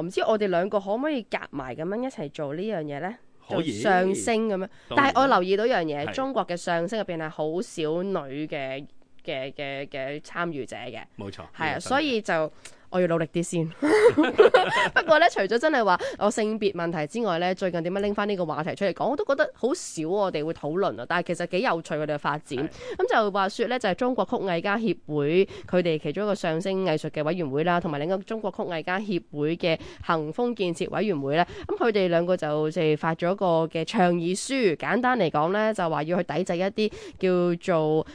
唔知我哋兩個可唔可以夾埋咁樣一齊做呢樣嘢呢？做以相聲咁樣，但係我留意到一樣嘢，是中國嘅相聲入邊係好少女嘅嘅嘅嘅參與者嘅，冇錯錯，係啊是，所以就。我要努力啲先。不過咧，除咗真係話我性別問題之外咧，最近點解拎翻呢個話題出嚟講，我都覺得好少我哋會討論啊。但係其實幾有趣佢哋嘅發展。咁的、嗯、就話說咧，就係、是、中國曲藝家協會佢哋其中一個相聲藝術嘅委員會啦，同埋另一個中國曲藝家協會嘅行風建設委員會咧。咁佢哋兩個就就發咗一個嘅倡議書。簡單嚟講咧，就話要去抵制一啲叫做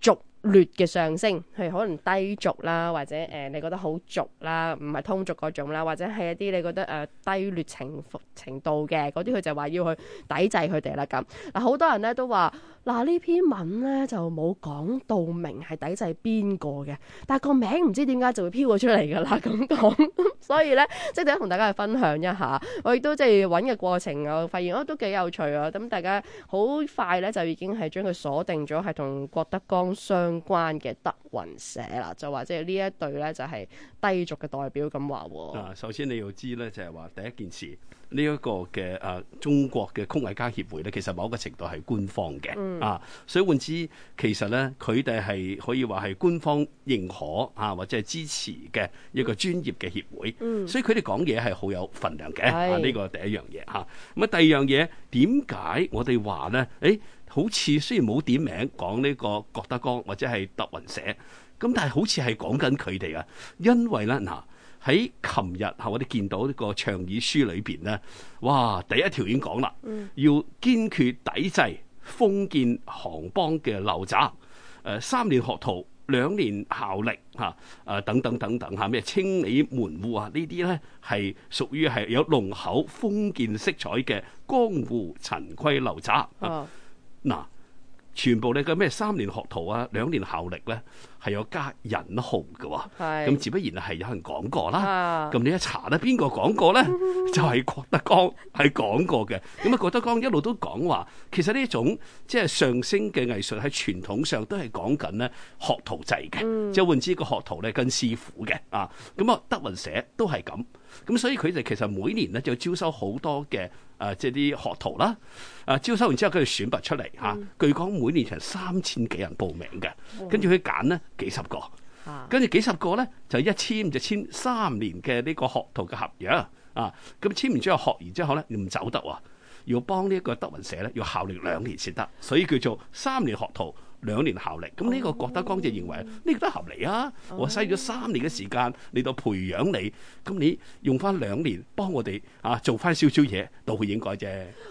俗劣嘅上升，譬如可能低俗啦，或者誒、呃、你覺得好俗啦，唔係通俗嗰種啦，或者係一啲你覺得誒、呃、低劣情程度嘅嗰啲，佢就話要去抵制佢哋啦咁。嗱，好多人咧都話，嗱呢篇文咧就冇講到明係抵制邊個嘅，但係個名唔知點解就會飄咗出嚟噶啦咁講， 所以咧即係想同大家去分享一下，我亦都即係揾嘅過程，我發現啊、哦、都幾有趣啊，咁大家好快咧就已經係將佢鎖定咗係同郭德綱相。相關嘅德雲社啦，就或者係呢一對咧，就係、是、低俗嘅代表咁話。啊，首先你要知咧，就係話第一件事，呢、這、一個嘅誒、啊、中國嘅曲藝家協會咧，其實某一個程度係官方嘅、嗯、啊，所以換之，其實咧佢哋係可以話係官方認可啊，或者係支持嘅一個專業嘅協會，嗯、所以佢哋講嘢係好有份量嘅、嗯、啊。呢、這個第一樣嘢吓，咁啊第二樣嘢，點解我哋話咧？誒、哎。好似雖然冇點名講呢個郭德綱或者係德雲社咁，但係好似係講緊佢哋啊。因為咧嗱喺琴日，我哋見到呢個倡議書裏邊呢，哇，第一條已經講啦，要堅決抵制封建行幫嘅陋習。誒、呃，三年學徒，兩年效力嚇，啊，等等等等嚇，咩、啊、清理門戶啊，呢啲呢係屬於係有濃厚封建色彩嘅江湖陳規陋習啊。啊嗱，全部你嘅咩三年學徒啊，兩年效力咧，係有加引號嘅喎、啊，咁自不然係有人講過啦。咁、啊、你一查咧，邊個講過咧？ 就係郭德綱係講過嘅。咁啊，郭德綱一路都講話，其實呢一種即係相聲嘅藝術喺傳統上都係講緊咧學徒制嘅，即係、嗯、換言之個學徒咧跟師傅嘅。啊，咁啊德雲社都係咁，咁所以佢哋其實每年咧就招收好多嘅。誒即係啲學徒啦，誒、啊、招收完之後佢哋選拔出嚟嚇、啊，據講每年成三千幾人報名嘅。跟住佢揀呢幾十個，跟住幾十個咧就一簽就簽三年嘅呢個學徒嘅合約啊，咁、嗯、簽完之後學完之後咧你唔走得喎，要幫呢一個德雲社咧要效力兩年先得，所以叫做三年學徒。兩年效力，咁呢個郭德綱就認為呢個都合理啊！Oh. 我嘥咗三年嘅時間嚟到培養你，咁你用翻兩年幫我哋嚇、啊、做翻少少嘢都會應該啫。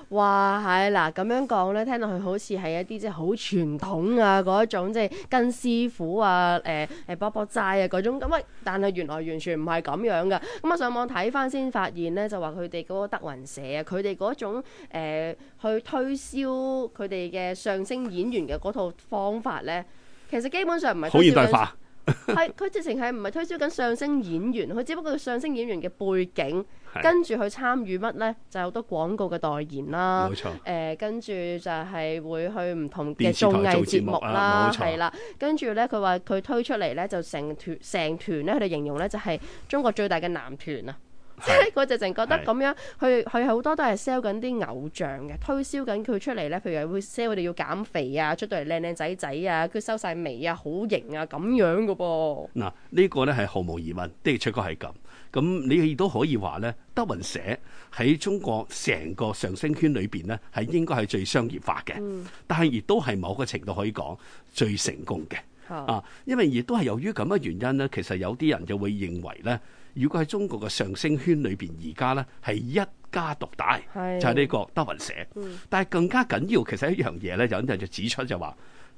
哇係，嗱咁樣講咧，聽落去好似係一啲即係好傳統啊嗰種即係、就是、跟師傅啊誒誒卜卜齋啊嗰種咁啊，但係原來完全唔係咁樣噶。咁啊上網睇翻先發現咧，就話佢哋嗰個德雲社啊，佢哋嗰種、呃、去推銷佢哋嘅相聲演員嘅嗰套。方法呢，其實基本上唔係好現代化，佢直情係唔係推銷緊相聲演員，佢只不過相聲演員嘅背景，的跟住去參與乜呢？就有、是、好多廣告嘅代言啦。冇錯，呃、跟住就係會去唔同嘅綜藝節目啦，係啦、啊，跟住呢，佢話佢推出嚟呢，就成團成團呢，佢哋形容呢，就係中國最大嘅男團啊。即係佢直情、是、覺得咁樣，佢佢好多都係 sell 緊啲偶像嘅，推銷緊佢出嚟咧。譬如會 sell 佢哋要減肥啊，出到嚟靚靚仔仔啊，佢收晒眉啊，好型啊，咁樣噶噃。嗱，呢、這個咧係毫無疑問，的確個係咁。咁你亦都可以話咧，德雲社喺中國成個相聲圈裏邊呢，係應該係最商業化嘅，嗯、但係亦都係某個程度可以講最成功嘅。啊，因為亦都係由於咁嘅原因咧，其實有啲人就會認為咧，如果喺中國嘅相聲圈裏邊而家咧係一家獨大，是就係呢個德雲社。嗯、但係更加緊要，其實一樣嘢咧，有人就指出就話，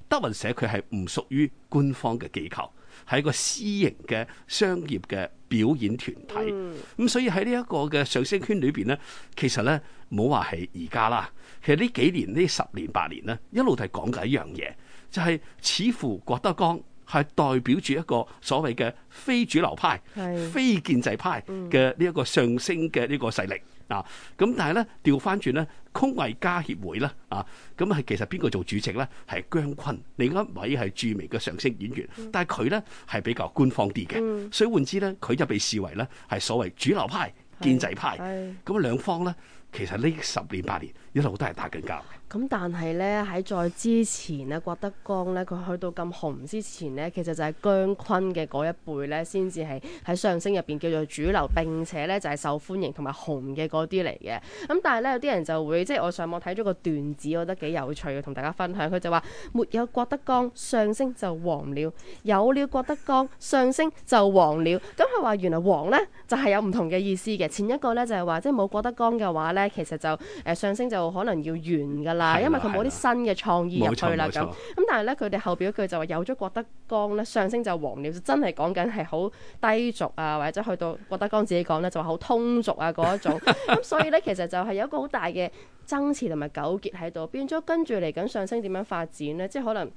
德雲社佢係唔屬於官方嘅機構，係一個私營嘅商業嘅表演團體。咁、嗯嗯、所以喺呢一個嘅相聲圈裏邊咧，其實呢冇話係而家啦，其實呢幾年呢十年八年咧，一路都係講緊一樣嘢。就係似乎郭德綱係代表住一個所謂嘅非主流派、是非建制派嘅呢一個上升嘅呢個勢力、嗯、啊！咁但係咧掉返轉咧，曲藝家協會咧啊，咁、啊、係其實邊個做主席咧？係姜昆，另一位係著名嘅相聲演員，嗯、但係佢咧係比較官方啲嘅，嗯、所以換之咧，佢就被視為咧係所謂主流派、建制派，咁兩方咧。其實呢十年八年一路都係打緊交。咁但係呢，喺再之前呢，郭德綱呢，佢去到咁紅之前呢，其實就係姜昆嘅嗰一輩呢，先至係喺相聲入邊叫做主流，並且呢就係受歡迎同埋紅嘅嗰啲嚟嘅。咁但係呢，有啲人就會即係我上網睇咗個段子，我覺得幾有趣嘅，同大家分享。佢就話：沒有郭德綱，相聲就黃了；有了郭德綱，相聲就黃了。咁佢話：原來黃呢，就係有唔同嘅意思嘅。前一個呢，就係話，即係冇郭德綱嘅話呢。其實就誒相聲就可能要完㗎啦，的因為佢冇啲新嘅創意入的錯去啦咁。咁錯但係咧，佢哋後邊嗰句就話有咗郭德綱咧相聲就黃了，就真係講緊係好低俗啊，或者去到郭德綱自己講咧就話好通俗啊嗰一種。咁、 嗯、所以咧，其實就係有一個好大嘅爭持同埋糾結喺度，變咗跟住嚟緊相聲點樣發展呢？即係可能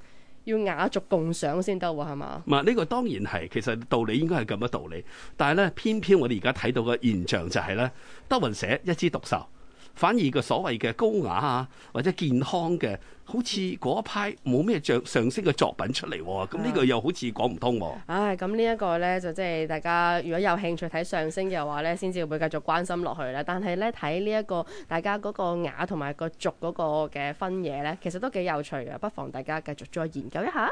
要雅俗共賞先得喎，係嘛？嗱，呢個當然係，其實道理應該係咁嘅道理，但係咧偏偏我哋而家睇到嘅現象就係、是、咧，德雲社一枝獨秀。反而個所謂嘅高雅啊，或者健康嘅，好似嗰一派冇咩象上升嘅作品出嚟，咁呢個又好似講唔通喎。唉、啊，咁呢一個呢，就即係大家如果有興趣睇相聲嘅話呢，先至會繼續關心落去啦。但係呢，睇呢一個大家嗰個雅同埋個俗嗰個嘅分野呢，其實都幾有趣嘅。不妨大家繼續再研究一下。